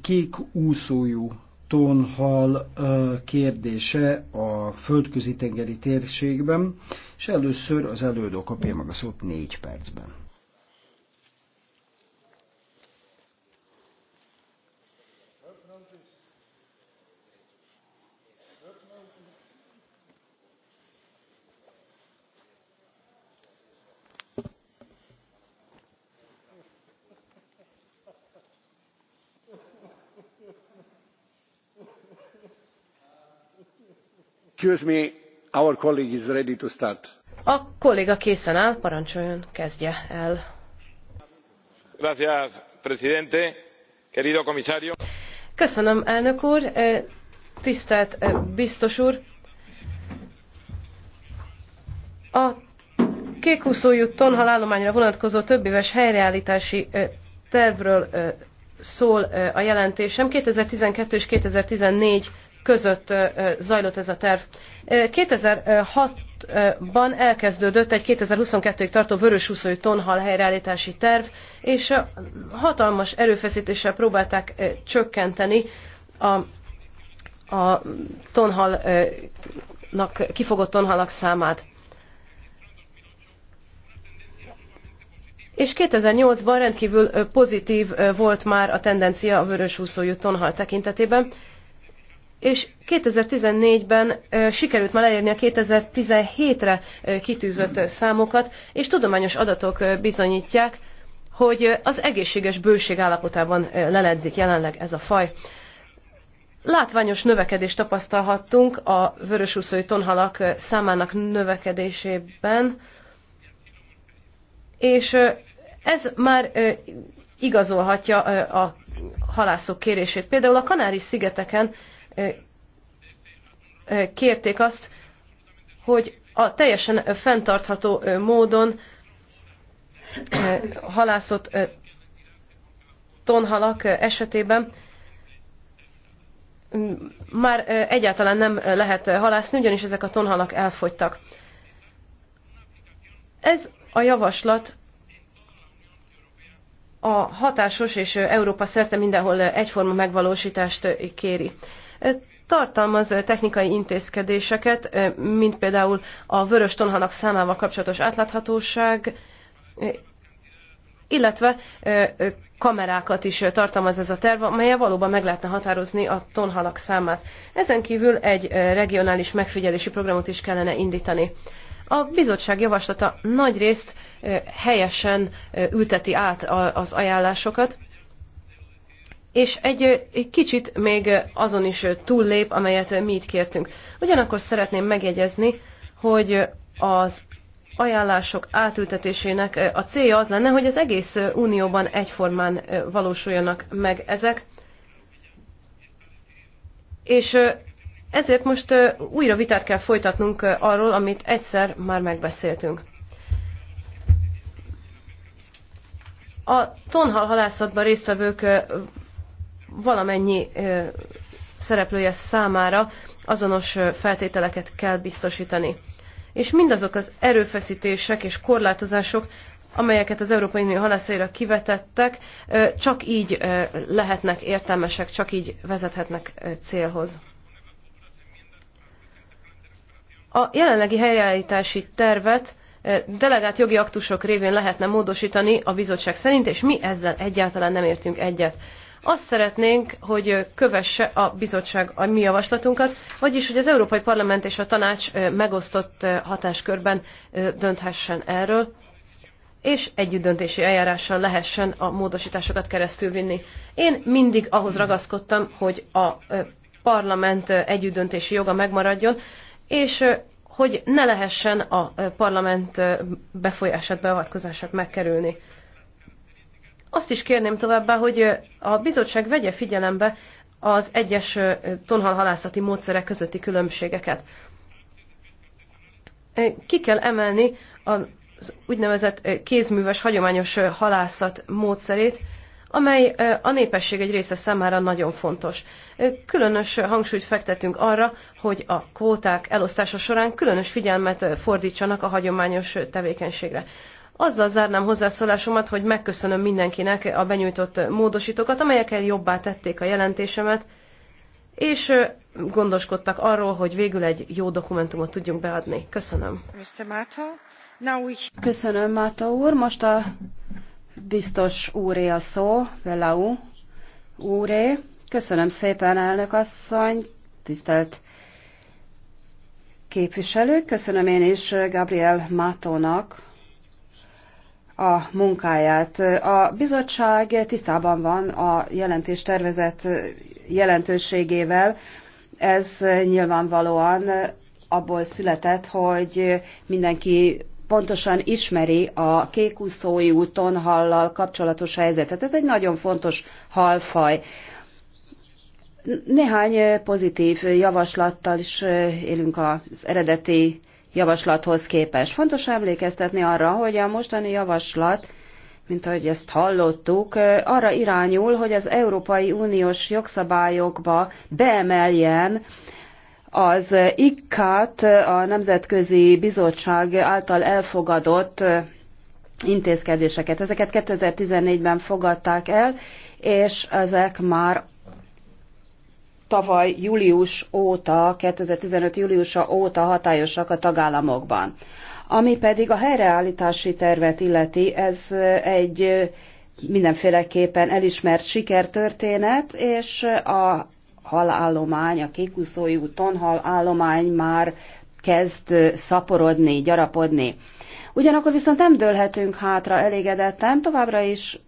kék úszójú tonhal kérdése a földközi tengeri térségben, és először az elődő kapja meg a szót négy percben. our colleague is ready to start. A kolléga készen áll, parancsoljon, kezdje el. Gracias, presidente. Querido comisario. Köszönöm, elnök úr. Tisztelt biztos úr. A kékúszójú tonhalállományra vonatkozó többéves helyreállítási tervről szól a jelentésem. 2012 és 2014 között zajlott ez a terv. 2006-ban elkezdődött egy 2022-ig tartó vörösúszói tonhal helyreállítási terv, és hatalmas erőfeszítéssel próbálták csökkenteni a a tonhalnak, kifogott tonhalak számát. És 2008-ban rendkívül pozitív volt már a tendencia a vörösúszói tonhal tekintetében, és 2014-ben sikerült már elérni a 2017-re kitűzött számokat, és tudományos adatok bizonyítják, hogy az egészséges bőség állapotában leledzik jelenleg ez a faj. Látványos növekedést tapasztalhattunk a vörösúszói tonhalak számának növekedésében, és ez már igazolhatja a halászok kérését. Például a Kanári-szigeteken kérték azt, hogy a teljesen fenntartható módon halászott tonhalak esetében már egyáltalán nem lehet halászni, ugyanis ezek a tonhalak elfogytak. Ez a javaslat a hatásos és Európa szerte mindenhol egyforma megvalósítást kéri tartalmaz technikai intézkedéseket, mint például a vörös tonhalak számával kapcsolatos átláthatóság, illetve kamerákat is tartalmaz ez a terv, amelyel valóban meg lehetne határozni a tonhalak számát. Ezen kívül egy regionális megfigyelési programot is kellene indítani. A bizottság javaslata nagyrészt helyesen ülteti át az ajánlásokat, és egy, egy kicsit még azon is túllép, amelyet mi itt kértünk. Ugyanakkor szeretném megjegyezni, hogy az ajánlások átültetésének a célja az lenne, hogy az egész unióban egyformán valósuljanak meg ezek. És ezért most újra vitát kell folytatnunk arról, amit egyszer már megbeszéltünk. A tonhal halászatban résztvevők valamennyi szereplője számára azonos feltételeket kell biztosítani. És mindazok az erőfeszítések és korlátozások, amelyeket az Európai Unió halászaira kivetettek, csak így lehetnek értelmesek, csak így vezethetnek célhoz. A jelenlegi helyreállítási tervet delegált jogi aktusok révén lehetne módosítani a bizottság szerint, és mi ezzel egyáltalán nem értünk egyet. Azt szeretnénk, hogy kövesse a bizottság a mi javaslatunkat, vagyis hogy az Európai Parlament és a tanács megosztott hatáskörben dönthessen erről, és együttdöntési eljárással lehessen a módosításokat vinni. Én mindig ahhoz ragaszkodtam, hogy a parlament együttdöntési joga megmaradjon, és hogy ne lehessen a parlament befolyását, beavatkozását megkerülni. Azt is kérném továbbá, hogy a bizottság vegye figyelembe az egyes tonhalhalászati módszerek közötti különbségeket. Ki kell emelni az úgynevezett kézműves, hagyományos halászat módszerét, amely a népesség egy része számára nagyon fontos. Különös hangsúlyt fektetünk arra, hogy a kvóták elosztása során különös figyelmet fordítsanak a hagyományos tevékenységre. Azzal zárnám hozzászólásomat, hogy megköszönöm mindenkinek a benyújtott módosítókat, amelyekkel jobbá tették a jelentésemet, és gondoskodtak arról, hogy végül egy jó dokumentumot tudjunk beadni. Köszönöm. Köszönöm, Máta úr. Most a biztos úré a szó, Velau úré. Köszönöm szépen, elnök asszony, tisztelt képviselők. Köszönöm én is Gabriel Mátónak a munkáját. A bizottság tisztában van a jelentés tervezett jelentőségével. Ez nyilvánvalóan abból született, hogy mindenki pontosan ismeri a kékúszói úton hallal kapcsolatos helyzetet. Ez egy nagyon fontos halfaj. Néhány pozitív javaslattal is élünk az eredeti javaslathoz képest. Fontos emlékeztetni arra, hogy a mostani javaslat, mint ahogy ezt hallottuk, arra irányul, hogy az Európai Uniós jogszabályokba beemeljen az ICCAT, a Nemzetközi Bizottság által elfogadott intézkedéseket. Ezeket 2014-ben fogadták el, és ezek már tavaly július óta, 2015 júliusa óta hatályosak a tagállamokban. Ami pedig a helyreállítási tervet illeti, ez egy mindenféleképpen elismert sikertörténet, és a halállomány, a kékuszói úton halállomány már kezd szaporodni, gyarapodni. Ugyanakkor viszont nem dőlhetünk hátra elégedetten, továbbra is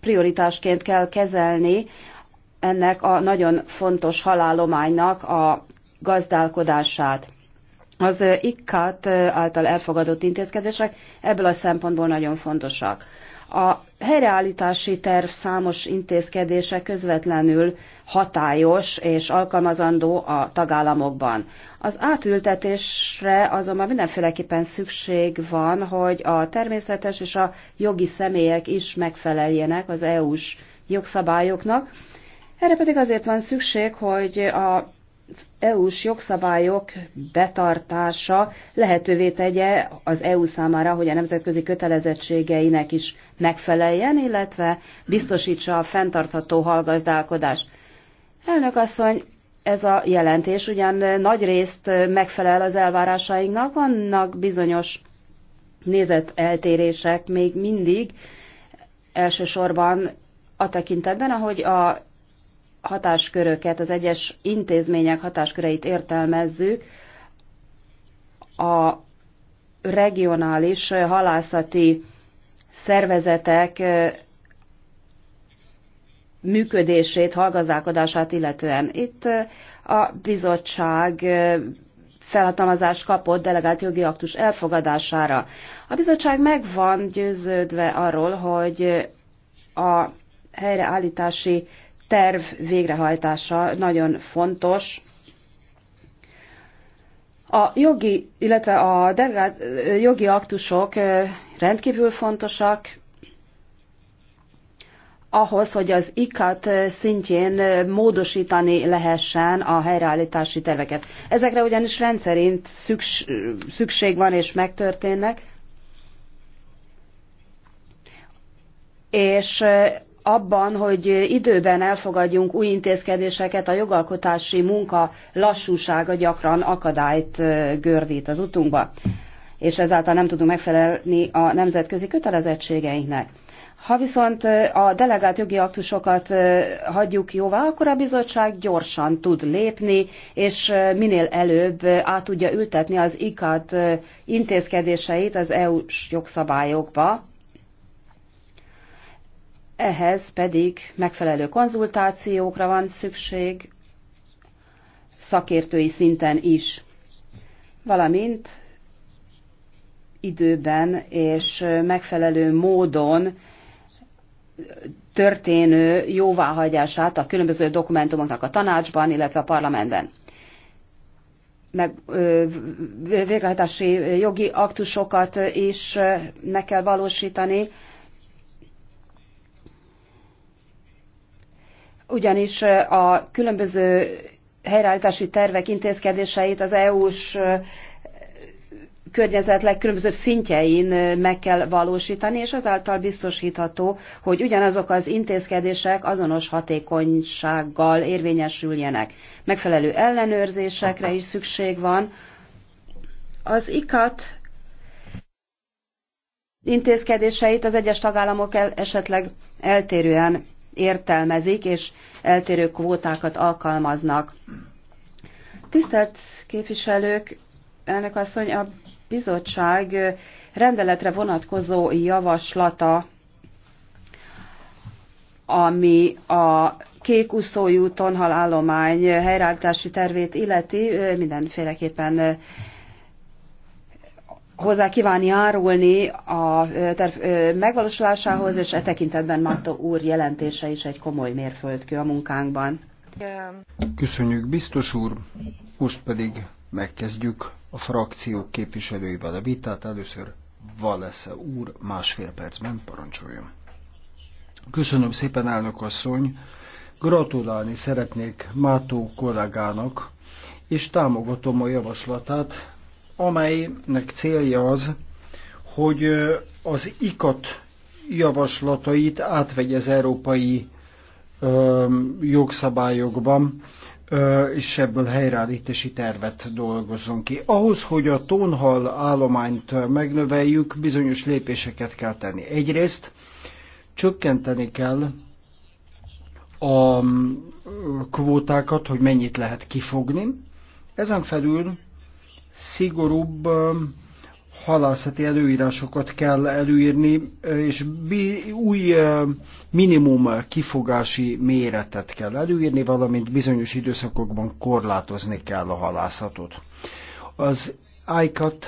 prioritásként kell kezelni ennek a nagyon fontos halálománynak a gazdálkodását. Az ICCAT által elfogadott intézkedések ebből a szempontból nagyon fontosak. A helyreállítási terv számos intézkedése közvetlenül hatályos és alkalmazandó a tagállamokban. Az átültetésre azonban mindenféleképpen szükség van, hogy a természetes és a jogi személyek is megfeleljenek az EU-s jogszabályoknak, erre pedig azért van szükség, hogy a EU-s jogszabályok betartása lehetővé tegye az EU számára, hogy a nemzetközi kötelezettségeinek is megfeleljen, illetve biztosítsa a fenntartható hallgazdálkodást. Elnök asszony, ez a jelentés ugyan nagy részt megfelel az elvárásainknak, vannak bizonyos nézeteltérések még mindig, elsősorban a tekintetben, ahogy a hatásköröket, az egyes intézmények hatásköreit értelmezzük, a regionális halászati szervezetek működését, hallgazdálkodását illetően. Itt a bizottság felhatalmazást kapott delegált jogi aktus elfogadására. A bizottság meg van győződve arról, hogy a helyreállítási terv végrehajtása nagyon fontos. A jogi, illetve a delegált, jogi aktusok rendkívül fontosak ahhoz, hogy az ikat szintjén módosítani lehessen a helyreállítási terveket. Ezekre ugyanis rendszerint szükség van és megtörténnek, és abban, hogy időben elfogadjunk új intézkedéseket, a jogalkotási munka lassúsága gyakran akadályt gördít az utunkba, és ezáltal nem tudunk megfelelni a nemzetközi kötelezettségeinknek. Ha viszont a delegált jogi aktusokat hagyjuk jóvá, akkor a bizottság gyorsan tud lépni, és minél előbb át tudja ültetni az ICAT intézkedéseit az EU-s jogszabályokba, ehhez pedig megfelelő konzultációkra van szükség, szakértői szinten is, valamint időben és megfelelő módon történő jóváhagyását a különböző dokumentumoknak a tanácsban, illetve a parlamentben. Meg végrehajtási jogi aktusokat is meg kell valósítani, ugyanis a különböző helyreállítási tervek intézkedéseit az EU-s környezet legkülönbözőbb szintjein meg kell valósítani, és azáltal biztosítható, hogy ugyanazok az intézkedések azonos hatékonysággal érvényesüljenek. Megfelelő ellenőrzésekre is szükség van. Az ikat intézkedéseit az egyes tagállamok esetleg eltérően értelmezik, és eltérő kvótákat alkalmaznak. Tisztelt képviselők, elnök asszony, a bizottság rendeletre vonatkozó javaslata, ami a kék tonhalállomány helyreállítási tervét illeti, mindenféleképpen hozzá kíván járulni a terv megvalósulásához, és e tekintetben Matta úr jelentése is egy komoly mérföldkő a munkánkban. Köszönjük, biztos úr! Most pedig megkezdjük a frakciók képviselőivel a vitát. Először Valesze úr másfél percben parancsoljon. Köszönöm szépen, elnök asszony! Gratulálni szeretnék Mátó kollégának, és támogatom a javaslatát, amelynek célja az, hogy az ikat javaslatait átvegye az európai ö, jogszabályokban, ö, és ebből helyreállítási tervet dolgozzon ki. Ahhoz, hogy a tónhal állományt megnöveljük, bizonyos lépéseket kell tenni. Egyrészt csökkenteni kell a kvótákat, hogy mennyit lehet kifogni. Ezen felül szigorúbb halászati előírásokat kell előírni, és új minimum kifogási méretet kell előírni, valamint bizonyos időszakokban korlátozni kell a halászatot. Az ICAT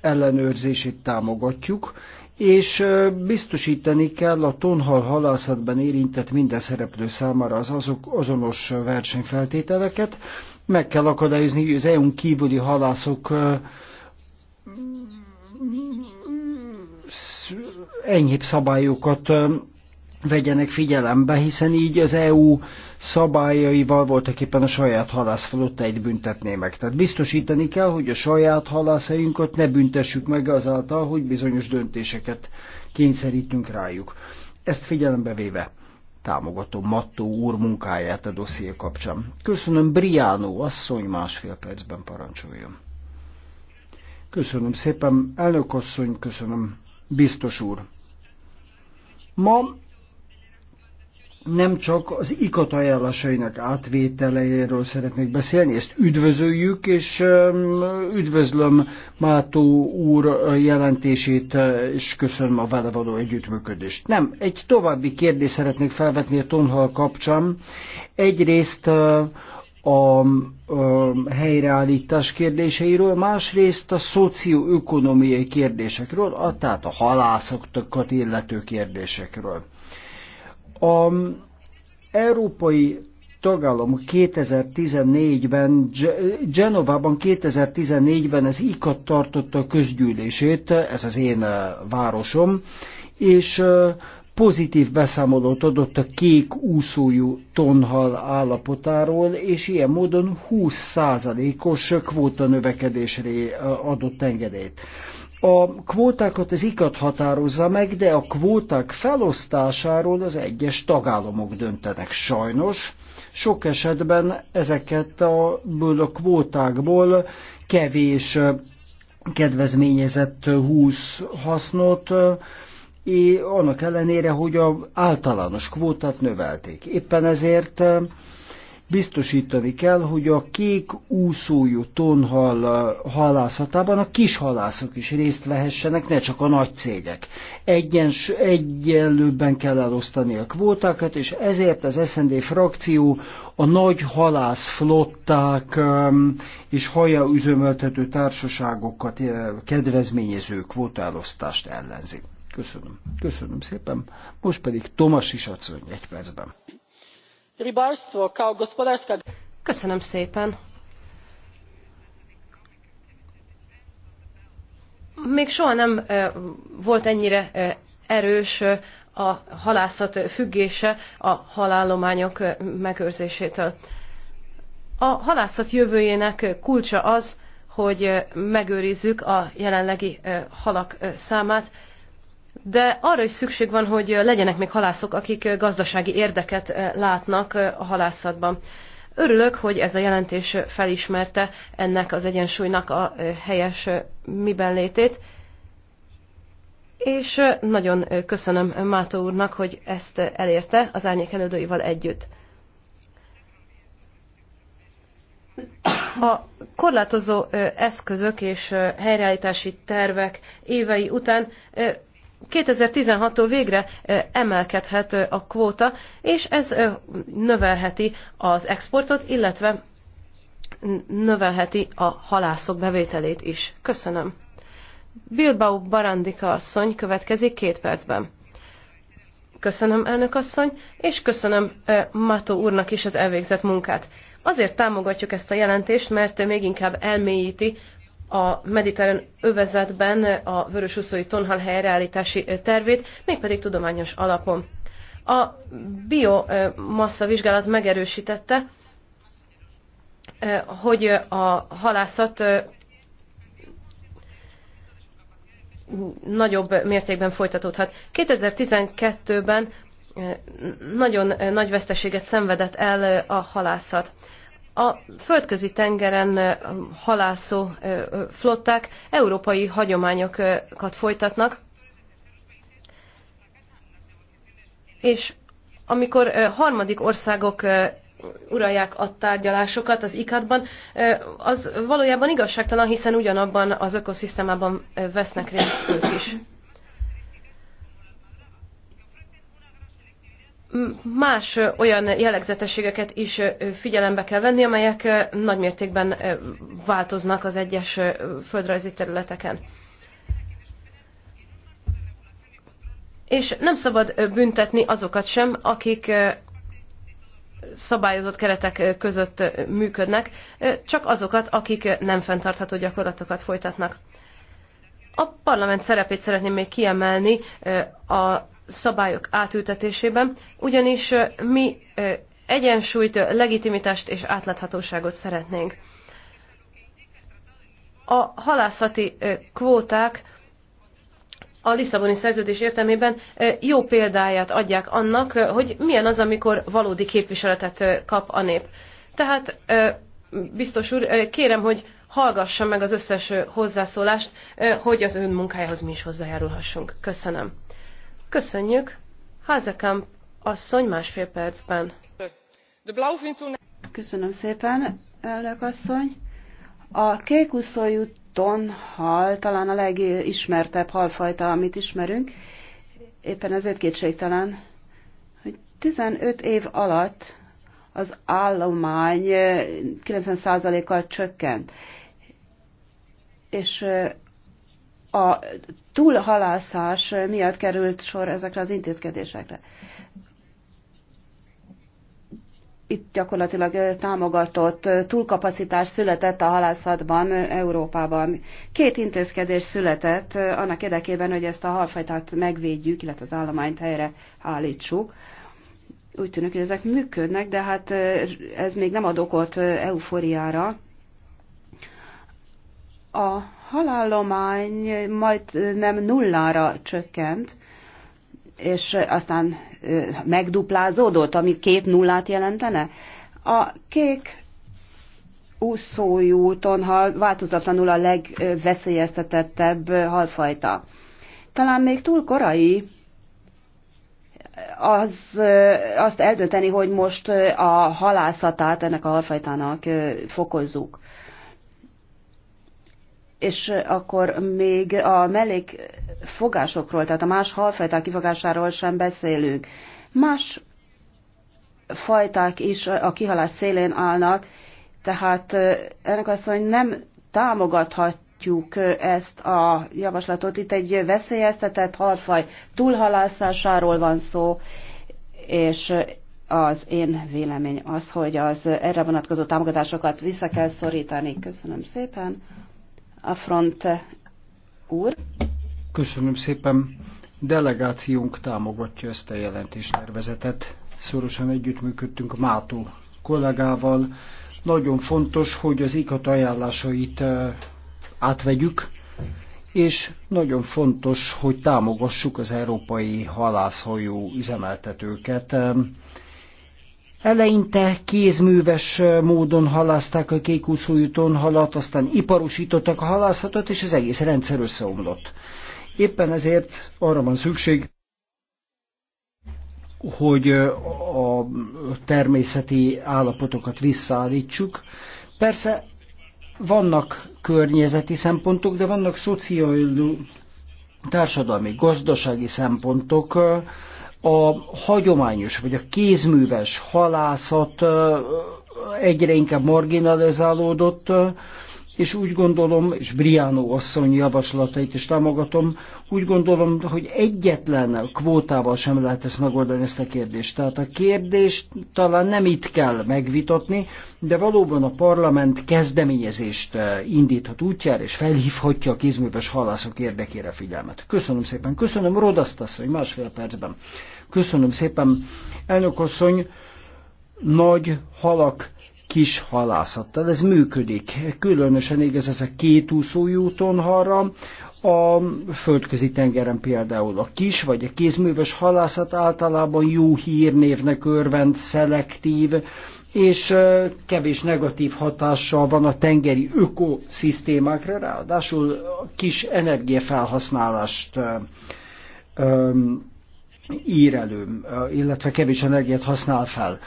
ellenőrzését támogatjuk, és biztosítani kell a tonhal halászatban érintett minden szereplő számára az azok azonos versenyfeltételeket, meg kell akadályozni, hogy az EU-n kívüli halászok enyhébb szabályokat vegyenek figyelembe, hiszen így az EU szabályaival voltak éppen a saját egy büntetné meg. Tehát biztosítani kell, hogy a saját halászainkat ne büntessük meg azáltal, hogy bizonyos döntéseket kényszerítünk rájuk. Ezt figyelembe véve támogatom Mattó úr munkáját a dosszié kapcsán. Köszönöm, Briánó asszony másfél percben parancsoljon. Köszönöm szépen, elnök asszony, köszönöm, biztos úr. Ma nem csak az ikat ajánlásainak átvételeiről szeretnék beszélni, ezt üdvözöljük, és üdvözlöm Mátó úr jelentését, és köszönöm a vele való együttműködést. Nem, egy további kérdést szeretnék felvetni a tonhal kapcsán. Egyrészt a, a, helyreállítás kérdéseiről, másrészt a szocioökonomiai kérdésekről, tehát a halászokat illető kérdésekről. A európai tagállam 2014-ben, Genovában 2014-ben az ICAT tartotta a közgyűlését, ez az én városom, és pozitív beszámolót adott a kék úszójú tonhal állapotáról, és ilyen módon 20%-os kvóta növekedésre adott engedélyt. A kvótákat az ikat határozza meg, de a kvóták felosztásáról az egyes tagállamok döntenek sajnos. Sok esetben ezeket a, a kvótákból kevés kedvezményezett húz hasznot, és annak ellenére, hogy az általános kvótát növelték. Éppen ezért Biztosítani kell, hogy a kék úszójú tonhal halászatában a kis halászok is részt vehessenek, ne csak a nagy cégek. Egyens, egyenlőbben kell elosztani a kvótákat, és ezért az SND frakció a nagy halászflották um, és haja üzemeltető társaságokat uh, kedvezményező kvótálosztást ellenzi. Köszönöm. Köszönöm szépen. Most pedig Tomas is egy percben ribarstvo kao gospodarska. szépen. még soha nem volt ennyire erős a halászat függése a halállományok megőrzésétől. A halászat jövőjének kulcsa az, hogy megőrizzük a jelenlegi halak számát, de arra is szükség van, hogy legyenek még halászok, akik gazdasági érdeket eh, látnak eh, a halászatban. Örülök, hogy ez a jelentés felismerte ennek az egyensúlynak a eh, helyes miben létét, és nagyon köszönöm Mátó úrnak, hogy ezt elérte az árnyék elődőival együtt. A korlátozó eszközök és helyreállítási tervek évei után 2016-tól végre emelkedhet a kvóta, és ez növelheti az exportot, illetve növelheti a halászok bevételét is. Köszönöm. Bilbao Barandika asszony következik két percben. Köszönöm, elnök asszony, és köszönöm Mato úrnak is az elvégzett munkát. Azért támogatjuk ezt a jelentést, mert még inkább elmélyíti a mediterrán övezetben a vörösúszói tonhal helyreállítási tervét, mégpedig tudományos alapon. A biomassa vizsgálat megerősítette, hogy a halászat nagyobb mértékben folytatódhat. 2012-ben nagyon nagy veszteséget szenvedett el a halászat. A földközi tengeren halászó flották európai hagyományokat folytatnak, és amikor harmadik országok uralják a tárgyalásokat az ikatban, az valójában igazságtalan, hiszen ugyanabban az ökoszisztémában vesznek részt ők is. más olyan jellegzetességeket is figyelembe kell venni, amelyek nagymértékben változnak az egyes földrajzi területeken. És nem szabad büntetni azokat sem, akik szabályozott keretek között működnek, csak azokat, akik nem fenntartható gyakorlatokat folytatnak. A parlament szerepét szeretném még kiemelni a szabályok átültetésében, ugyanis mi egyensúlyt, legitimitást és átláthatóságot szeretnénk. A halászati kvóták a Lisszaboni szerződés értelmében jó példáját adják annak, hogy milyen az, amikor valódi képviseletet kap a nép. Tehát biztos úr, kérem, hogy hallgassa meg az összes hozzászólást, hogy az ön munkájához mi is hozzájárulhassunk. Köszönöm. Köszönjük. Házekamp asszony másfél percben. Köszönöm szépen, elnök asszony. A kékuszójú tonhal talán a legismertebb halfajta, amit ismerünk. Éppen ezért kétségtelen, hogy 15 év alatt az állomány 90%-kal eh, csökkent. És eh, a túlhalászás miatt került sor ezekre az intézkedésekre. Itt gyakorlatilag támogatott túlkapacitás született a halászatban Európában. Két intézkedés született annak érdekében, hogy ezt a halfajtát megvédjük, illetve az állományt helyre állítsuk úgy tűnik, hogy ezek működnek, de hát ez még nem ad okot eufóriára. A halállomány majd nem nullára csökkent, és aztán megduplázódott, ami két nullát jelentene. A kék úszójú tonhal változatlanul a legveszélyeztetettebb halfajta. Talán még túl korai az, azt eldönteni, hogy most a halászatát ennek a halfajtának fokozzuk és akkor még a mellék fogásokról, tehát a más halfajták kifogásáról sem beszélünk. Más fajták is a kihalás szélén állnak, tehát ennek azt mondja, hogy nem támogathatjuk ezt a javaslatot. Itt egy veszélyeztetett halfaj túlhalászásáról van szó, és az én vélemény az, hogy az erre vonatkozó támogatásokat vissza kell szorítani. Köszönöm szépen. Affront úr. Köszönöm szépen. Delegációnk támogatja ezt a jelentéstervezetet. Szorosan együttműködtünk Mátó kollégával. Nagyon fontos, hogy az ikat ajánlásait átvegyük, és nagyon fontos, hogy támogassuk az európai halászhajó üzemeltetőket Eleinte kézműves módon halázták a kékúszójú tonhalat, aztán iparosítottak a halászatot, és az egész rendszer összeomlott. Éppen ezért arra van szükség, hogy a természeti állapotokat visszaállítsuk. Persze vannak környezeti szempontok, de vannak szociális, társadalmi, gazdasági szempontok, a hagyományos vagy a kézműves halászat egyre inkább marginalizálódott, és úgy gondolom, és Briánó asszony javaslatait is támogatom, úgy gondolom, hogy egyetlen kvótával sem lehet ezt megoldani ezt a kérdést. Tehát a kérdést talán nem itt kell megvitatni, de valóban a parlament kezdeményezést eh, indíthat útjára, és felhívhatja a kézműves halászok érdekére figyelmet. Köszönöm szépen. Köszönöm Rodaszt asszony másfél percben. Köszönöm szépen. Elnök asszony, nagy halak kis halászattal. Ez működik. Különösen igaz ez a kétúszó útonharra, a földközi tengeren például a kis vagy a kézműves halászat általában jó hírnévnek örvend, szelektív, és kevés negatív hatással van a tengeri ökoszisztémákra, ráadásul a kis energiafelhasználást ír elő, illetve kevés energiát használ fel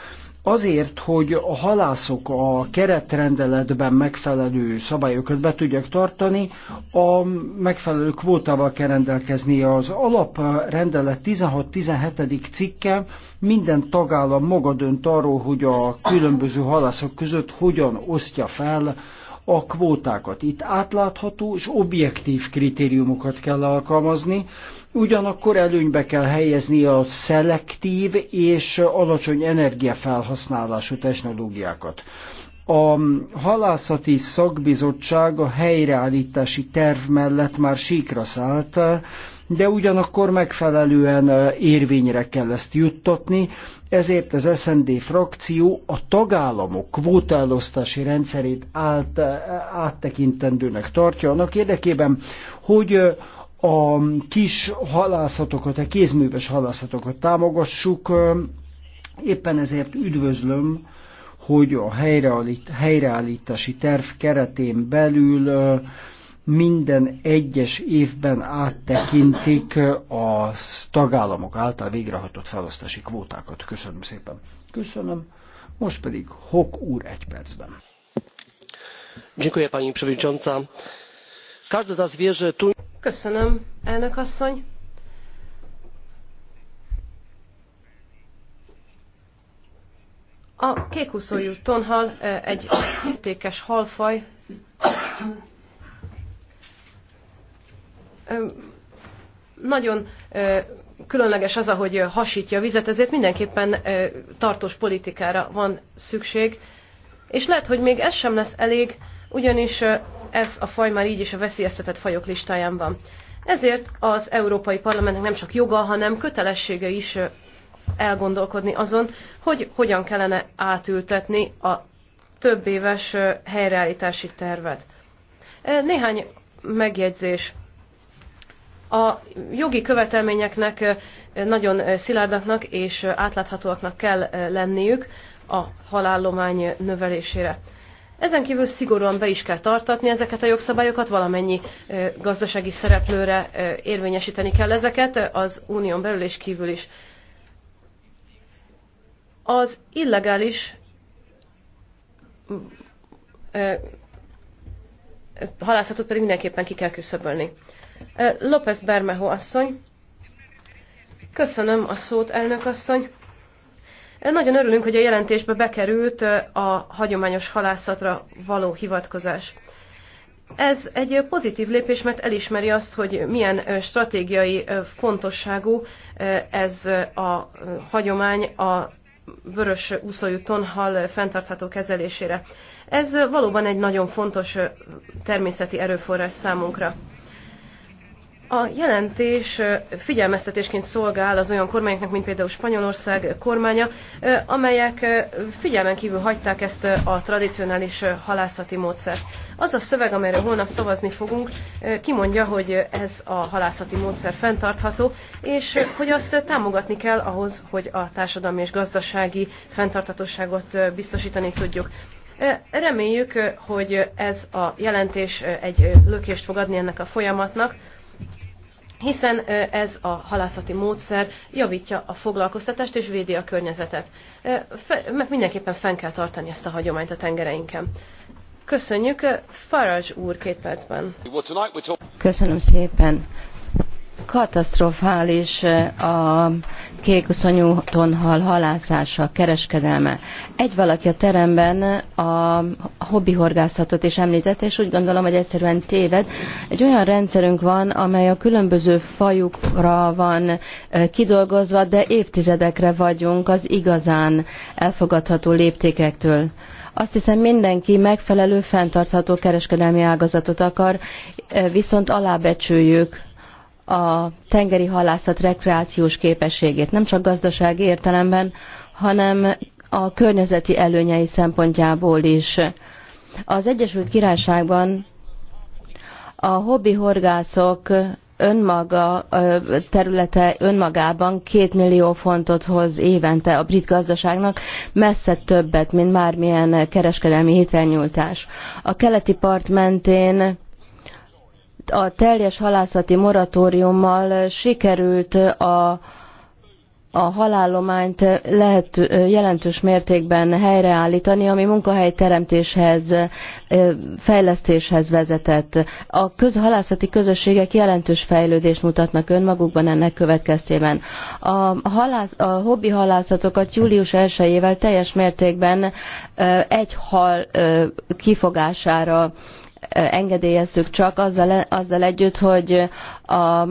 azért, hogy a halászok a keretrendeletben megfelelő szabályokat be tudják tartani, a megfelelő kvótával kell rendelkezni. Az alaprendelet 16-17. cikke minden tagállam maga dönt arról, hogy a különböző halászok között hogyan osztja fel a kvótákat. Itt átlátható és objektív kritériumokat kell alkalmazni, Ugyanakkor előnybe kell helyezni a szelektív és alacsony energiafelhasználású technológiákat. A halászati szakbizottság a helyreállítási terv mellett már síkra szállt, de ugyanakkor megfelelően érvényre kell ezt juttatni, ezért az SND frakció a tagállamok kvótaelosztási rendszerét át, áttekintendőnek tartja annak érdekében, hogy a kis halászatokat, a kézműves halászatokat támogassuk. Éppen ezért üdvözlöm, hogy a helyreállít, helyreállítási terv keretén belül minden egyes évben áttekintik a tagállamok által végrehajtott felosztási kvótákat. Köszönöm szépen. Köszönöm. Most pedig Hok úr egy percben. Dziękuję pani przewodnicząca. Każdy z nas wie, że tu... Köszönöm, elnök asszony. A kékúszójú tonhal egy értékes halfaj. Nagyon különleges az, ahogy hasítja a vizet, ezért mindenképpen tartós politikára van szükség. És lehet, hogy még ez sem lesz elég, ugyanis ez a faj már így is a veszélyeztetett fajok listáján van. Ezért az Európai Parlamentnek nem csak joga, hanem kötelessége is elgondolkodni azon, hogy hogyan kellene átültetni a több éves helyreállítási tervet. Néhány megjegyzés. A jogi követelményeknek nagyon szilárdaknak és átláthatóaknak kell lenniük a halállomány növelésére. Ezen kívül szigorúan be is kell tartatni ezeket a jogszabályokat, valamennyi gazdasági szereplőre érvényesíteni kell ezeket, az unión belül és kívül is. Az illegális halászatot pedig mindenképpen ki kell küszöbölni. López Bermeho asszony, köszönöm a szót, elnök asszony. Nagyon örülünk, hogy a jelentésbe bekerült a hagyományos halászatra való hivatkozás. Ez egy pozitív lépés, mert elismeri azt, hogy milyen stratégiai fontosságú ez a hagyomány a vörös úszójú tonhal fenntartható kezelésére. Ez valóban egy nagyon fontos természeti erőforrás számunkra. A jelentés figyelmeztetésként szolgál az olyan kormányoknak, mint például Spanyolország kormánya, amelyek figyelmen kívül hagyták ezt a tradicionális halászati módszert. Az a szöveg, amelyre holnap szavazni fogunk, kimondja, hogy ez a halászati módszer fenntartható, és hogy azt támogatni kell ahhoz, hogy a társadalmi és gazdasági fenntarthatóságot biztosítani tudjuk. Reméljük, hogy ez a jelentés egy lökést fog adni ennek a folyamatnak, hiszen ez a halászati módszer javítja a foglalkoztatást és védi a környezetet. Meg mindenképpen fenn kell tartani ezt a hagyományt a tengereinken. Köszönjük, Farage úr két percben. Köszönöm szépen katasztrofális a kékuszonyú tonhal halászása, kereskedelme. Egy valaki a teremben a hobbihorgászatot is említette, és úgy gondolom, hogy egyszerűen téved. Egy olyan rendszerünk van, amely a különböző fajukra van kidolgozva, de évtizedekre vagyunk az igazán elfogadható léptékektől azt hiszem mindenki megfelelő fenntartható kereskedelmi ágazatot akar, viszont alábecsüljük a tengeri halászat rekreációs képességét, nem csak gazdasági értelemben, hanem a környezeti előnyei szempontjából is. Az Egyesült Királyságban a hobbi horgászok önmaga területe önmagában két millió fontot hoz évente a brit gazdaságnak, messze többet, mint mármilyen kereskedelmi hitelnyújtás. A keleti part mentén a teljes halászati moratóriummal sikerült a a halállományt lehet jelentős mértékben helyreállítani, ami munkahelyteremtéshez, fejlesztéshez vezetett. A köz, halászati közösségek jelentős fejlődést mutatnak önmagukban ennek következtében. A, halász, a hobbi halászatokat július 1-ével teljes mértékben egy hal kifogására engedélyezzük csak azzal, e- azzal együtt, hogy a,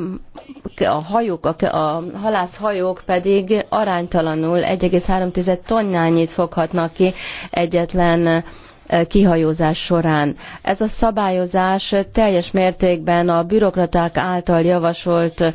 a hajók, a, a halászhajók pedig aránytalanul 1,3 tonnányit foghatnak ki egyetlen e, kihajózás során. Ez a szabályozás teljes mértékben a bürokraták által javasolt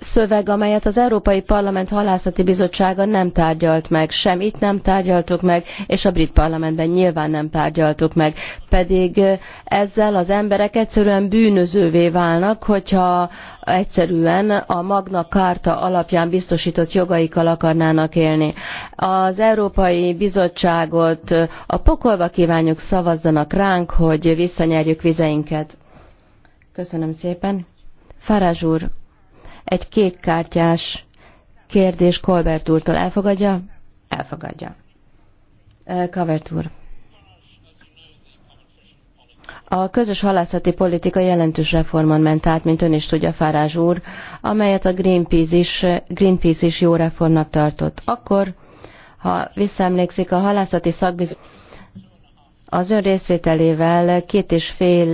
szöveg, amelyet az Európai Parlament Halászati Bizottsága nem tárgyalt meg, sem itt nem tárgyaltuk meg, és a brit parlamentben nyilván nem tárgyaltuk meg. Pedig ezzel az emberek egyszerűen bűnözővé válnak, hogyha egyszerűen a Magna Carta alapján biztosított jogaikkal akarnának élni. Az Európai Bizottságot a pokolba kívánjuk szavazzanak ránk, hogy visszanyerjük vizeinket. Köszönöm szépen. Farázs úr, egy kékkártyás kérdés Kolbert úrtól. Elfogadja? Elfogadja. Kavert úr. A közös halászati politika jelentős reformon ment át, mint ön is tudja, Fárázs úr, amelyet a Greenpeace is, Greenpeace is jó reformnak tartott. Akkor, ha visszaemlékszik, a halászati szakbizottság az ön részvételével két és fél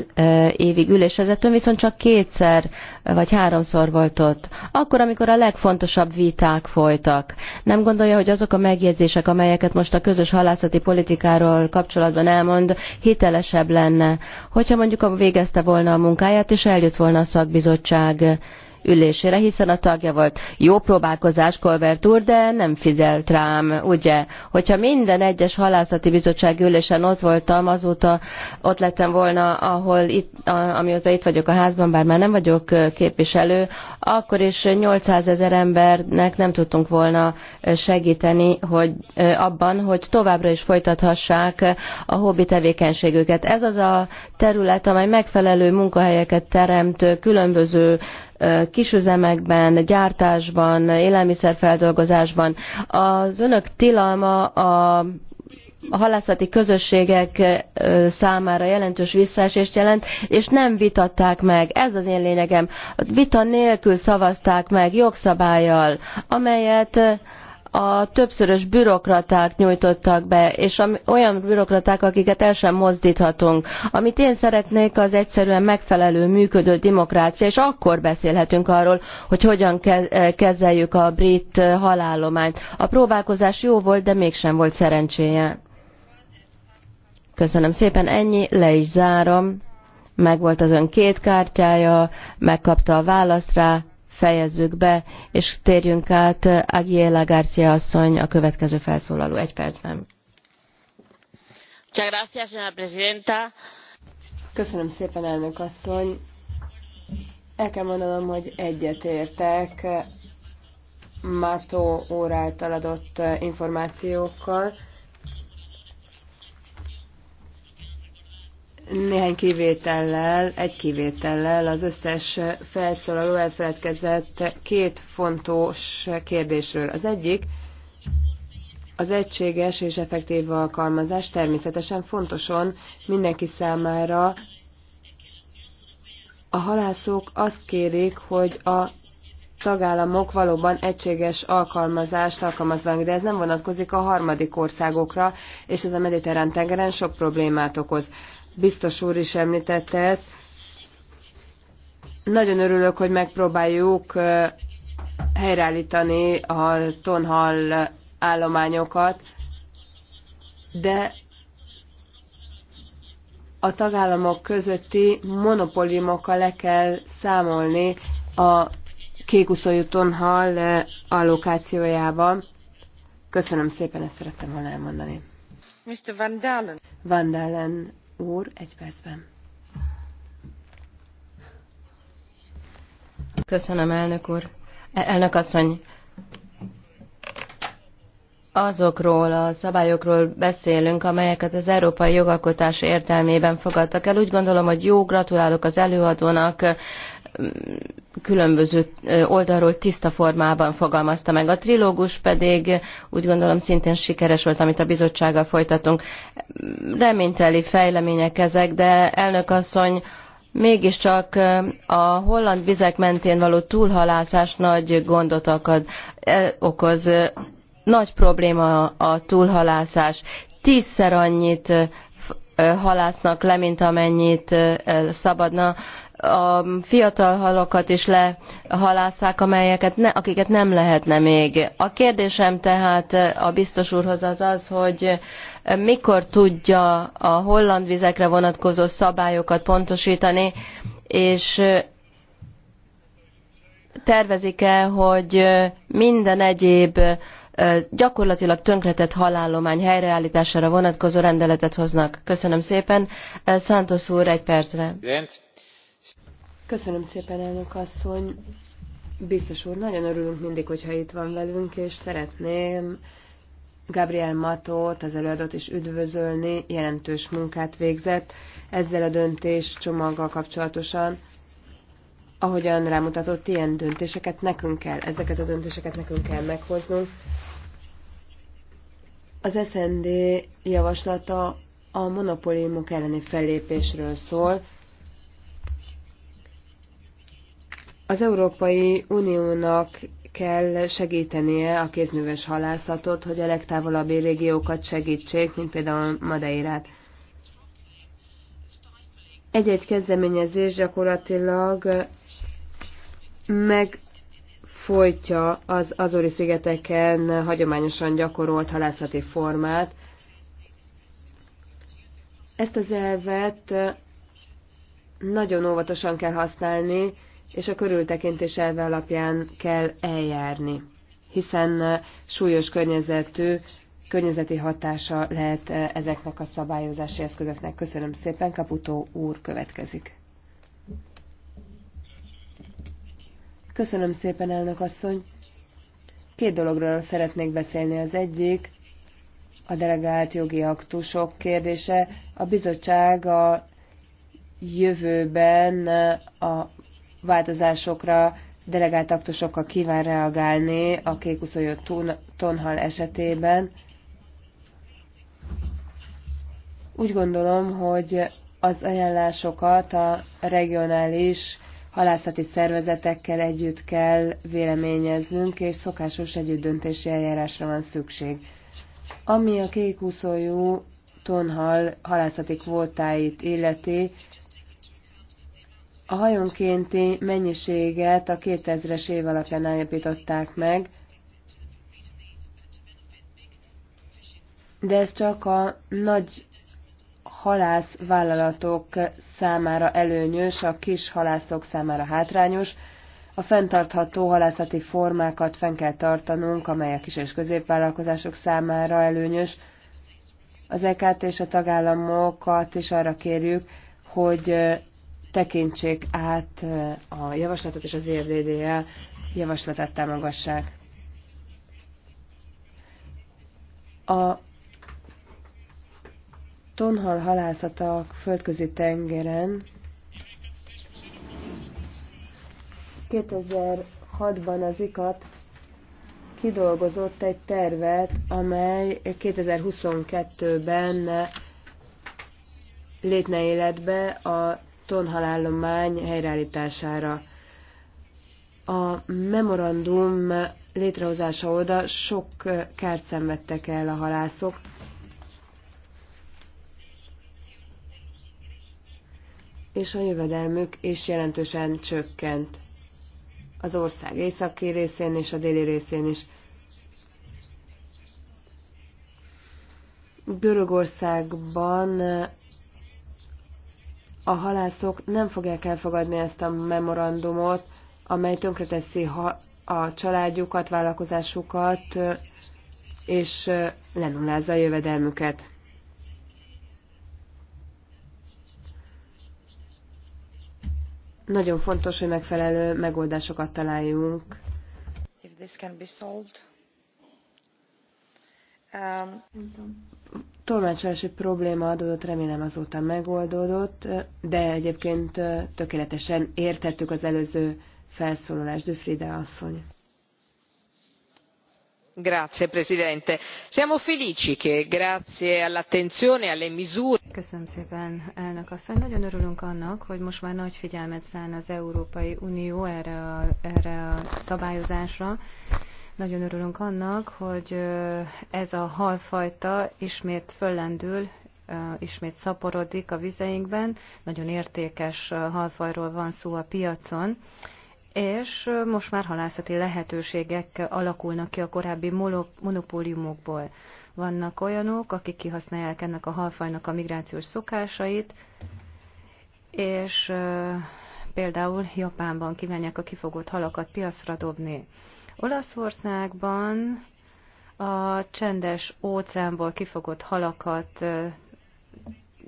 évig ülésvezetőn, viszont csak kétszer vagy háromszor volt ott. Akkor, amikor a legfontosabb viták folytak. Nem gondolja, hogy azok a megjegyzések, amelyeket most a közös halászati politikáról kapcsolatban elmond, hitelesebb lenne, hogyha mondjuk végezte volna a munkáját, és eljött volna a szakbizottság ülésére, hiszen a tagja volt. Jó próbálkozás, Colbert úr, de nem fizelt rám, ugye? Hogyha minden egyes halászati bizottság ülésen ott voltam, azóta ott lettem volna, ahol itt, amióta itt vagyok a házban, bár már nem vagyok képviselő, akkor is 800 ezer embernek nem tudtunk volna segíteni, hogy abban, hogy továbbra is folytathassák a hobbi tevékenységüket. Ez az a terület, amely megfelelő munkahelyeket teremt, különböző kisüzemekben, gyártásban, élelmiszerfeldolgozásban. Az önök tilalma a a halászati közösségek számára jelentős visszaesést jelent, és nem vitatták meg, ez az én lényegem, vita nélkül szavazták meg jogszabályjal, amelyet a többszörös bürokraták nyújtottak be, és olyan bürokraták, akiket el sem mozdíthatunk. Amit én szeretnék, az egyszerűen megfelelő működő demokrácia, és akkor beszélhetünk arról, hogy hogyan eh, kezeljük a brit eh, halállományt. A próbálkozás jó volt, de mégsem volt szerencséje. Köszönöm szépen, ennyi, le is zárom. Megvolt az ön két kártyája, megkapta a választ rá, fejezzük be, és térjünk át eh, Agiela Garcia asszony a következő felszólaló egy percben. Köszönöm szépen, elnök asszony. El kell mondanom, hogy egyetértek Mato óráltal adott eh, információkkal. néhány kivétellel, egy kivétellel az összes felszólaló elfeledkezett két fontos kérdésről. Az egyik, az egységes és effektív alkalmazás természetesen fontoson mindenki számára. A halászok azt kérik, hogy a tagállamok valóban egységes alkalmazást alkalmaznak, de ez nem vonatkozik a harmadik országokra, és ez a mediterrán tengeren sok problémát okoz biztos úr is említette ezt. Nagyon örülök, hogy megpróbáljuk helyreállítani a tonhal állományokat, de a tagállamok közötti monopóliumokkal le kell számolni a kékuszoljú tonhal allokációjában. Köszönöm szépen, ezt szerettem volna elmondani. Mr. Van Dalen. Van Dalen úr, egy percben. Köszönöm, elnök úr. E, elnök asszony, azokról a szabályokról beszélünk, amelyeket az európai jogalkotás értelmében fogadtak el. Úgy gondolom, hogy jó, gratulálok az előadónak különböző oldalról tiszta formában fogalmazta meg. A trilógus pedig úgy gondolom szintén sikeres volt, amit a bizottsággal folytatunk. Reményteli fejlemények ezek, de elnök asszony, mégiscsak a holland vizek mentén való túlhalászás nagy gondot akad, e, okoz. Nagy probléma a túlhalászás. Tízszer annyit halásznak le, mint amennyit szabadna a fiatal halakat is lehalásszák, amelyeket ne, akiket nem lehetne még. A kérdésem tehát a biztos úrhoz az az, hogy mikor tudja a holland vizekre vonatkozó szabályokat pontosítani, és tervezik-e, hogy minden egyéb gyakorlatilag tönkretett halállomány helyreállítására vonatkozó rendeletet hoznak. Köszönöm szépen. Santos úr, egy percre. Bent. Köszönöm szépen, elnök asszony. Biztos úr, nagyon örülünk mindig, hogyha itt van velünk, és szeretném Gabriel Matót, az előadót is üdvözölni, jelentős munkát végzett ezzel a döntés csomaggal kapcsolatosan. Ahogyan rámutatott, ilyen döntéseket nekünk kell, ezeket a döntéseket nekünk kell meghoznunk. Az SND javaslata a monopóliumok elleni fellépésről szól, Az Európai Uniónak kell segítenie a kézműves halászatot, hogy a legtávolabbi régiókat segítsék, mint például Madeirát. Egy-egy kezdeményezés gyakorlatilag megfolytja az Azori szigeteken hagyományosan gyakorolt halászati formát. Ezt az elvet nagyon óvatosan kell használni, és a körültekintés elve alapján kell eljárni, hiszen eh, súlyos környezetű, környezeti hatása lehet eh, ezeknek a szabályozási eszközöknek. Köszönöm szépen, Kaputó úr következik. Köszönöm szépen, elnök asszony. Két dologról szeretnék beszélni. Az egyik a delegált jogi aktusok kérdése. A bizottság a jövőben a változásokra delegált aktusokkal kíván reagálni a kék 25 tonhal esetében. Úgy gondolom, hogy az ajánlásokat a regionális halászati szervezetekkel együtt kell véleményeznünk, és szokásos együttdöntési eljárásra van szükség. Ami a kék tonhal halászati kvótáit illeti, a hajonkénti mennyiséget a 2000-es év alapján állapították meg, de ez csak a nagy halászvállalatok számára előnyös, a kis halászok számára hátrányos. A fenntartható halászati formákat fenn kell tartanunk, amely a kis és középvállalkozások számára előnyös. Az EKT és a tagállamokat is arra kérjük, hogy tekintsék át a javaslatot, és az érdédéjel e javaslatát támogassák. A tonhal halászat a földközi tengeren 2006-ban az ikat kidolgozott egy tervet, amely 2022-ben létne életbe a tonhalállomány helyreállítására. A memorandum létrehozása oda sok kárt szenvedtek el a halászok, és a jövedelmük is jelentősen csökkent. Az ország északi részén és a déli részén is. Görögországban a halászok nem fogják elfogadni ezt a memorandumot, amely tönkreteszi a családjukat, vállalkozásukat, és lenullázza a jövedelmüket. Nagyon fontos, hogy megfelelő megoldásokat találjunk. If this can be solved. Um, tolmácsolási probléma adódott, remélem azóta megoldódott, de egyébként tökéletesen értettük az előző felszólalást, Düfride asszony. Grazie Presidente. Siamo felici che grazie all'attenzione e alle misure. Köszönöm szépen, elnök asszony. Nagyon örülünk annak, hogy most már nagy figyelmet szán az Európai Unió erre a, erre a szabályozásra nagyon örülünk annak, hogy ez a halfajta ismét föllendül, ismét szaporodik a vizeinkben. Nagyon értékes halfajról van szó a piacon és most már halászati lehetőségek alakulnak ki a korábbi monopóliumokból. Vannak olyanok, akik kihasználják ennek a halfajnak a migrációs szokásait, és például Japánban kívánják a kifogott halakat piacra dobni. Olaszországban a csendes óceánból kifogott halakat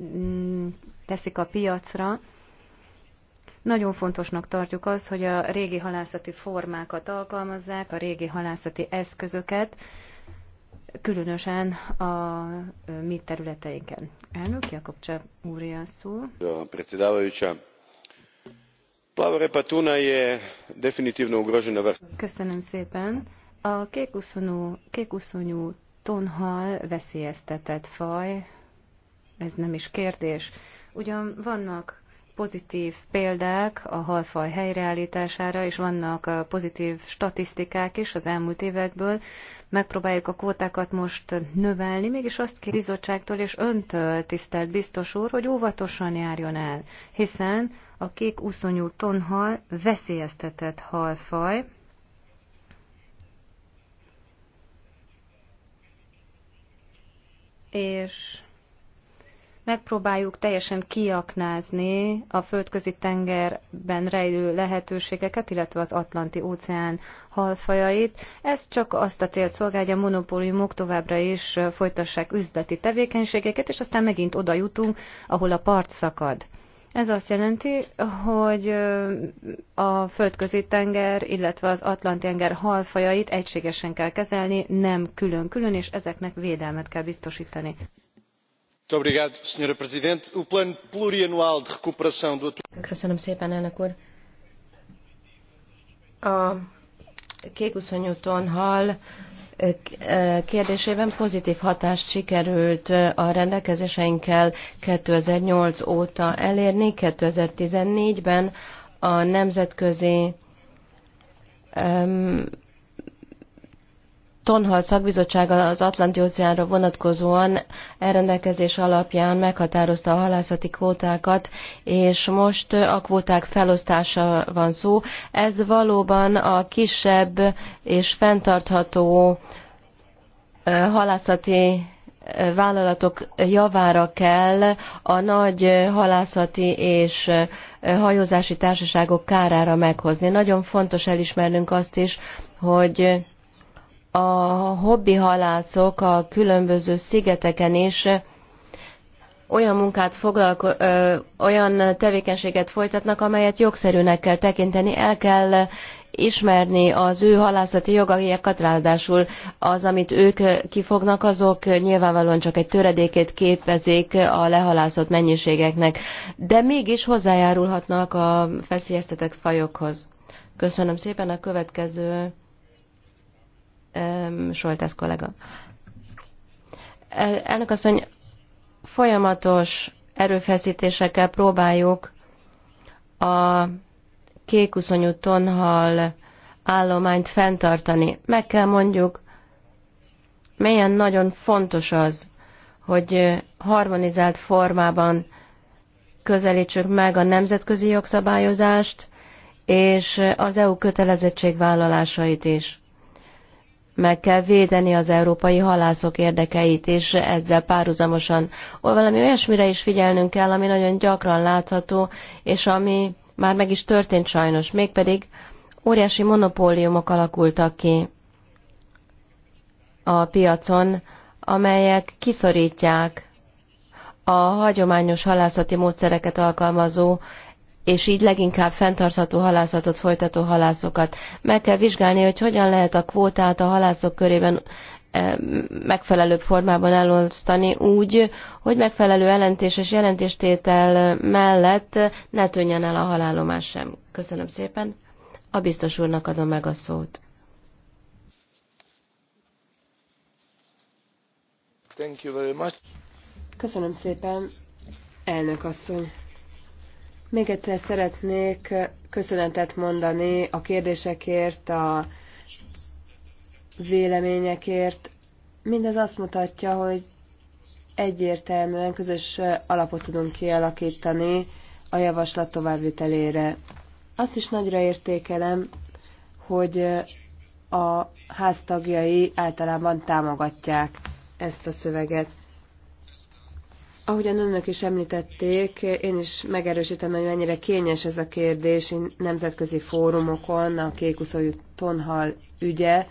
mm, teszik a piacra. Nagyon fontosnak tartjuk azt, hogy a régi halászati formákat alkalmazzák, a régi halászati eszközöket, különösen a mi területeinken. Elnök Jakob Csab úr, a szó. A tuna je definitivno ugrožena vrsta. Köszönöm szépen. A kékuszonyú, kékuszonyú tonhal veszélyeztetett faj, ez nem is kérdés. Ugyan vannak pozitív példák a halfaj helyreállítására, és vannak uh, pozitív statisztikák is az elmúlt évekből. Megpróbáljuk a kvótákat most növelni, mégis azt kérjük bizottságtól és öntől, tisztelt biztos úr, hogy óvatosan járjon el, hiszen a kék uszonyú tonhal veszélyeztetett halfaj, és megpróbáljuk teljesen kiaknázni a földközi tengerben rejlő lehetőségeket, illetve az Atlanti óceán halfajait. Ez csak azt a célt szolgálja, hogy a monopóliumok továbbra is folytassák üzleti tevékenységeket, és aztán megint oda jutunk, ahol a part szakad. Ez azt jelenti, hogy a földközi tenger, illetve az atlanti tenger halfajait egységesen kell kezelni, nem külön-külön, és ezeknek védelmet kell biztosítani. Köszönöm szépen, elnök úr. A kékuszonyú hal kérdésében pozitív hatást sikerült a rendelkezéseinkkel 2008 óta elérni. 2014-ben a nemzetközi Tonhal szakbizottság az Atlanti óceánra vonatkozóan elrendelkezés alapján meghatározta a halászati kvótákat, és most a kvóták felosztása van szó. Ez valóban a kisebb és fenntartható halászati vállalatok javára kell a nagy halászati és hajózási társaságok kárára meghozni. Nagyon fontos elismernünk azt is, hogy a hobbi halászok a különböző szigeteken is olyan munkát foglalko, ö, olyan tevékenységet folytatnak, amelyet jogszerűnek kell tekinteni, el kell ismerni az ő halászati jogaiakat, ráadásul az, amit ők kifognak, azok nyilvánvalóan csak egy töredékét képezik a lehalászott mennyiségeknek, de mégis hozzájárulhatnak a feszélyeztetett fajokhoz. Köszönöm szépen a következő Soltász kollega. Elnök asszony, folyamatos erőfeszítésekkel próbáljuk a kékuszonyú tonhal állományt fenntartani. Meg kell mondjuk, milyen nagyon fontos az, hogy harmonizált formában közelítsük meg a nemzetközi jogszabályozást és az EU kötelezettségvállalásait is meg kell védeni az európai halászok érdekeit, és ezzel párhuzamosan valami olyasmire is figyelnünk kell, ami nagyon gyakran látható, és ami már meg is történt sajnos, mégpedig óriási monopóliumok alakultak ki a piacon, amelyek kiszorítják a hagyományos halászati módszereket alkalmazó és így leginkább fenntartható halászatot folytató halászokat. Meg kell vizsgálni, hogy hogyan lehet a kvótát a halászok körében eh, megfelelőbb formában elosztani úgy, hogy megfelelő és jelentéstétel mellett ne tűnjen el a halálomás sem. Köszönöm szépen. A biztos úrnak adom meg a szót. Thank you very much. Köszönöm szépen, elnök asszony. Még egyszer szeretnék köszönetet mondani a kérdésekért, a véleményekért. Mindez azt mutatja, hogy egyértelműen közös alapot tudunk kialakítani a javaslat továbbvitelére. Azt is nagyra értékelem, hogy a háztagjai általában támogatják ezt a szöveget. Ahogyan önök is említették, én is megerősítem, hogy mennyire kényes ez a kérdés nemzetközi fórumokon, a kékuszói tonhal ügye.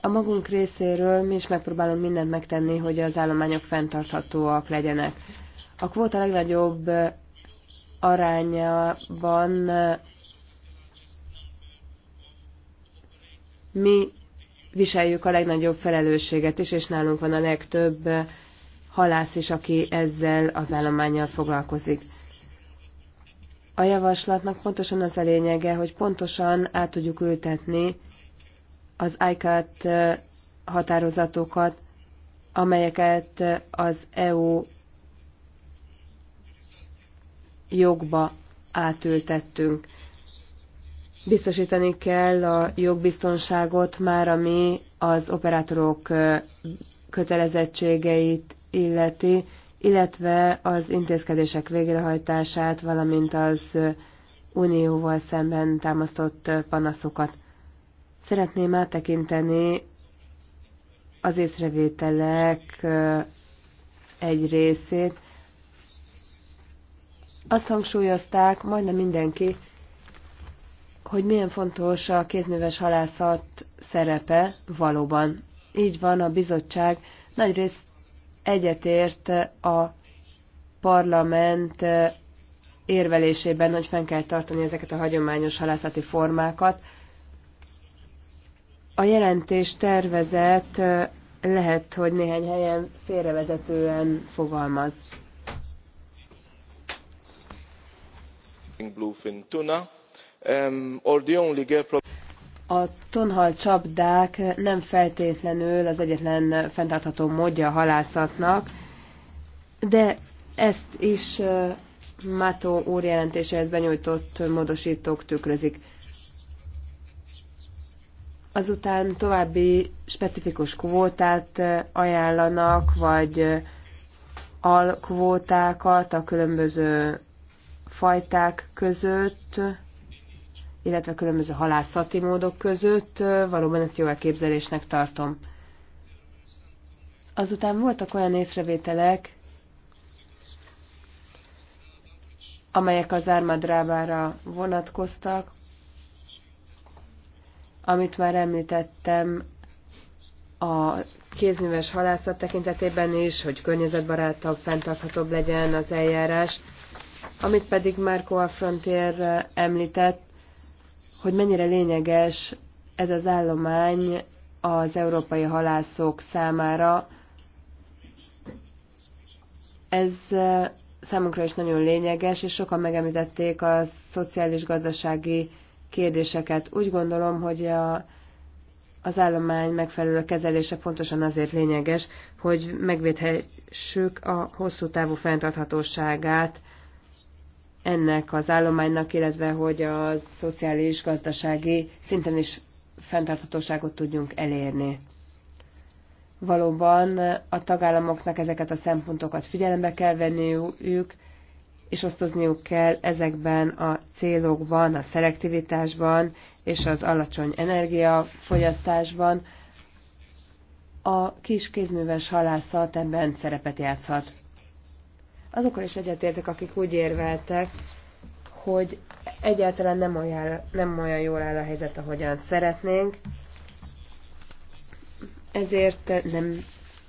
A magunk részéről mi is megpróbálunk mindent megtenni, hogy az állományok fenntarthatóak legyenek. A kvóta legnagyobb arányában mi viseljük a legnagyobb felelősséget is, és nálunk van a legtöbb halász is, aki ezzel az állományjal foglalkozik. A javaslatnak pontosan az a lényege, hogy pontosan át tudjuk ültetni az ICAT határozatokat, amelyeket az EU jogba átültettünk. Biztosítani kell a jogbiztonságot már, ami az operátorok kötelezettségeit illeti, illetve az intézkedések végrehajtását, valamint az Unióval szemben támasztott panaszokat. Szeretném áttekinteni az észrevételek egy részét. Azt hangsúlyozták majdnem mindenki, hogy milyen fontos a kézműves halászat szerepe valóban. Így van, a bizottság nagy részt egyetért a parlament érvelésében, hogy fenn kell tartani ezeket a hagyományos halászati formákat. A jelentés tervezet lehet, hogy néhány helyen félrevezetően fogalmaz. Bluefin tuna, um, or the only a tonhal csapdák nem feltétlenül az egyetlen fenntartható módja a halászatnak, de ezt is Mátó úr jelentéséhez benyújtott módosítók tükrözik. Azután további specifikus kvótát ajánlanak, vagy alkvótákat a különböző fajták között, illetve különböző halászati módok között. Valóban ezt jó elképzelésnek tartom. Azután voltak olyan észrevételek, amelyek az ármadrábára vonatkoztak, amit már említettem a kézműves halászat tekintetében is, hogy környezetbarátabb, fenntarthatóbb legyen az eljárás, amit pedig a Frontier említett, hogy mennyire lényeges ez az állomány az európai halászok számára. Ez számunkra is nagyon lényeges, és sokan megemlítették a szociális-gazdasági kérdéseket. Úgy gondolom, hogy a, az állomány megfelelő kezelése pontosan azért lényeges, hogy megvédhessük a hosszú távú fenntarthatóságát ennek az állománynak, illetve hogy a szociális, gazdasági szinten is fenntarthatóságot tudjunk elérni. Valóban a tagállamoknak ezeket a szempontokat figyelembe kell venniük, és osztozniuk kell ezekben a célokban, a szelektivitásban és az alacsony energiafogyasztásban. A kis kézműves halászat ebben szerepet játszhat azokkal is egyetértek, akik úgy érveltek, hogy egyáltalán nem olyan, nem olyan jól áll a helyzet, ahogyan szeretnénk, ezért nem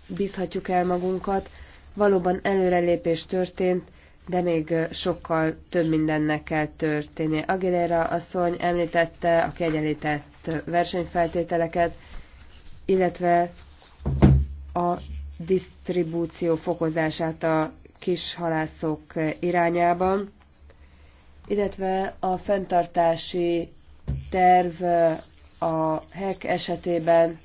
bízhatjuk el magunkat. Valóban előrelépés történt, de még sokkal több mindennek kell történni. Aguilera asszony említette a kiegyenlített versenyfeltételeket, illetve a disztribúció fokozását a kis halászok irányában, illetve a fenntartási terv a HEC esetében,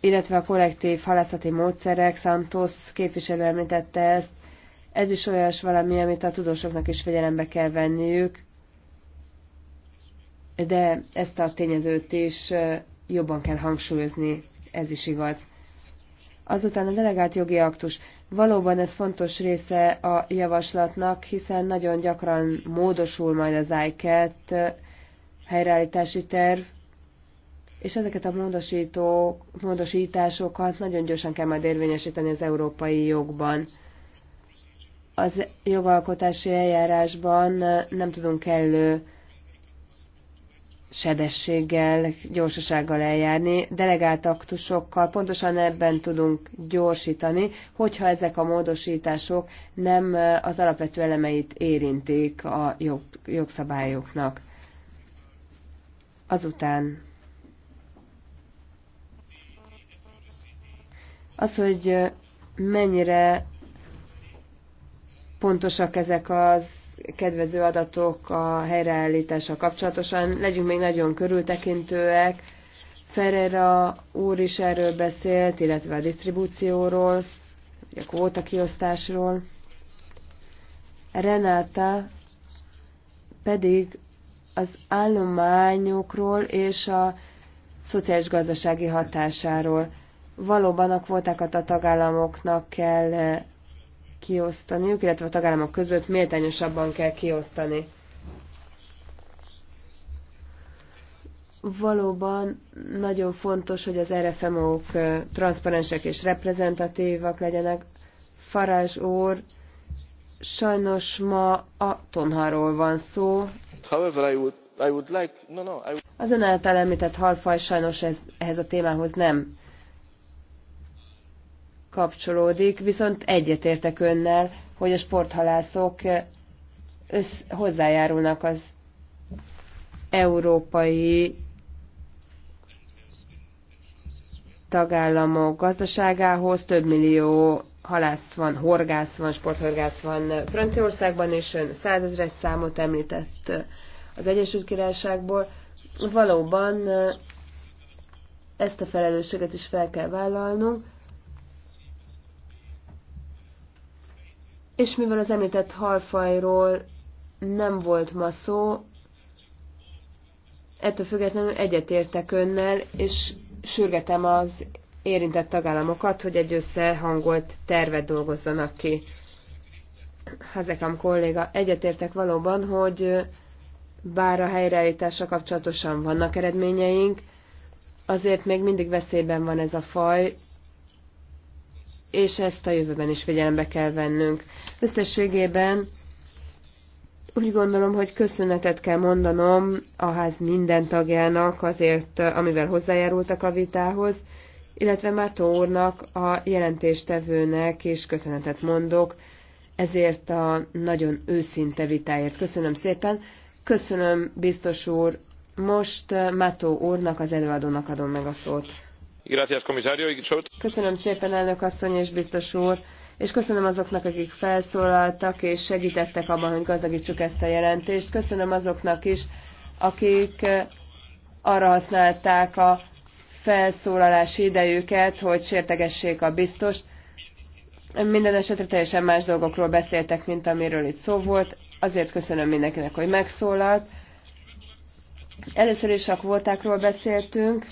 illetve a kollektív halászati módszerek, Santos képviselő említette ezt, ez is olyas valami, amit a tudósoknak is figyelembe kell venniük, de ezt a tényezőt is jobban kell hangsúlyozni, ez is igaz. Azután a delegált jogi aktus. Valóban ez fontos része a javaslatnak, hiszen nagyon gyakran módosul majd az ICAT eh, helyreállítási terv, és ezeket a módosító, módosításokat nagyon gyorsan kell majd érvényesíteni az európai jogban. Az jogalkotási eljárásban eh, nem tudunk kellő sebességgel, gyorsasággal eljárni. Delegált aktusokkal pontosan ebben tudunk gyorsítani, hogyha ezek a módosítások nem az alapvető elemeit érintik a jog, jogszabályoknak. Azután az, hogy mennyire pontosak ezek az kedvező adatok a helyreállítása kapcsolatosan. Legyünk még nagyon körültekintőek. Ferreira úr is erről beszélt, illetve a disztribúcióról, a kvóta kiosztásról. Renata pedig az állományokról és a szociális gazdasági hatásáról. Valóban a kvótákat a tagállamoknak kell kiosztaniuk, illetve a tagállamok között méltányosabban kell kiosztani. Valóban nagyon fontos, hogy az RFMO-k transzparensek és reprezentatívak legyenek. Farázs úr, sajnos ma a tonharról van szó. Az ön által említett halfaj sajnos ez, ehhez a témához nem kapcsolódik, viszont egyetértek önnel, hogy a sporthalászok össz, hozzájárulnak az európai tagállamok gazdaságához. Több millió halász van, horgász van, sporthorgász van Franciaországban, és ön százezres számot említett az Egyesült Királyságból. Valóban ezt a felelősséget is fel kell vállalnunk, És mivel az említett halfajról nem volt ma szó, ettől függetlenül egyetértek önnel, és sürgetem az érintett tagállamokat, hogy egy összehangolt tervet dolgozzanak ki. Hazekam kolléga, egyetértek valóban, hogy bár a helyreállítása kapcsolatosan vannak eredményeink, azért még mindig veszélyben van ez a faj, és ezt a jövőben is figyelembe kell vennünk. Összességében úgy gondolom, hogy köszönetet kell mondanom a ház minden tagjának azért, amivel hozzájárultak a vitához, illetve már Tórnak, a jelentéstevőnek is köszönetet mondok ezért a nagyon őszinte vitáért. Köszönöm szépen. Köszönöm, biztos úr. Most eh, Mátó úrnak, az előadónak adom meg a szót. Köszönöm szépen, elnök asszony és biztos úr és köszönöm azoknak, akik felszólaltak és segítettek abban, hogy gazdagítsuk ezt a jelentést. Köszönöm azoknak is, akik eh, arra használták a felszólalási idejüket, hogy sértegessék a biztost. Minden esetre teljesen más dolgokról beszéltek, mint amiről itt szó volt. Azért köszönöm mindenkinek, hogy megszólalt. Először is a kvótákról beszéltünk,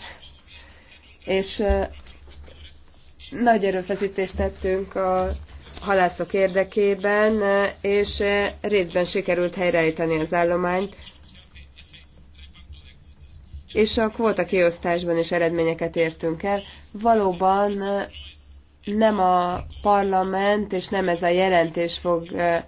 és eh, nagy erőfeszítést tettünk a halászok érdekében, és részben sikerült helyreállítani az állományt, és a kvóta kiosztásban is eredményeket értünk el. Valóban nem a parlament és nem ez a jelentés fog eh,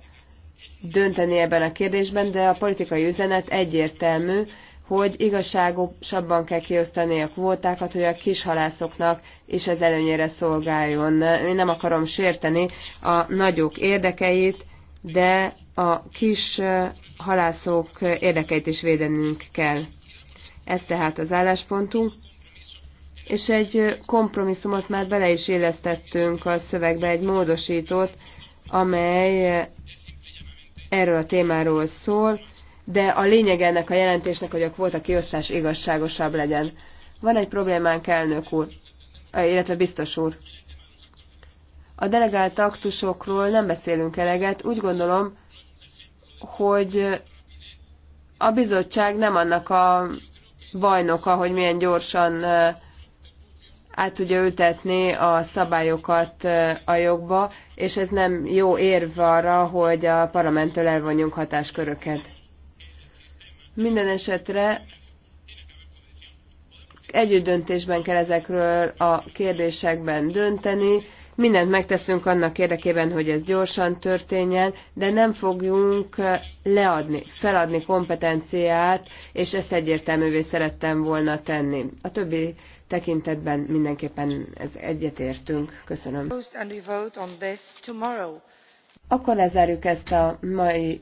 dönteni ebben a kérdésben, de a politikai üzenet egyértelmű, hogy igazságosabban kell kiosztani a kvótákat, hogy a kishalászoknak is ez előnyére szolgáljon. Én nem akarom sérteni a nagyok érdekeit, de a kis halászok érdekeit is védenünk kell. Ez tehát az álláspontunk. És egy kompromisszumot már bele is élesztettünk a szövegbe, egy módosítót, amely erről a témáról szól, de a lényeg ennek a jelentésnek, hogy a kvóta kiosztás igazságosabb legyen. Van egy problémánk, elnök úr, eh, illetve biztos úr. A delegált aktusokról nem beszélünk eleget. Úgy gondolom, hogy a bizottság nem annak a bajnoka, hogy milyen gyorsan eh, át tudja ültetni a szabályokat eh, a jogba, és ez nem jó érv arra, hogy a parlamenttől elvonjunk hatásköröket. Minden esetre együtt döntésben kell ezekről a kérdésekben dönteni, mindent megteszünk annak érdekében, hogy ez gyorsan történjen, de nem fogjunk leadni, feladni kompetenciát, és ezt egyértelművé szerettem volna tenni. A többi tekintetben mindenképpen ez egyetértünk. Köszönöm. Akkor lezárjuk ezt a mai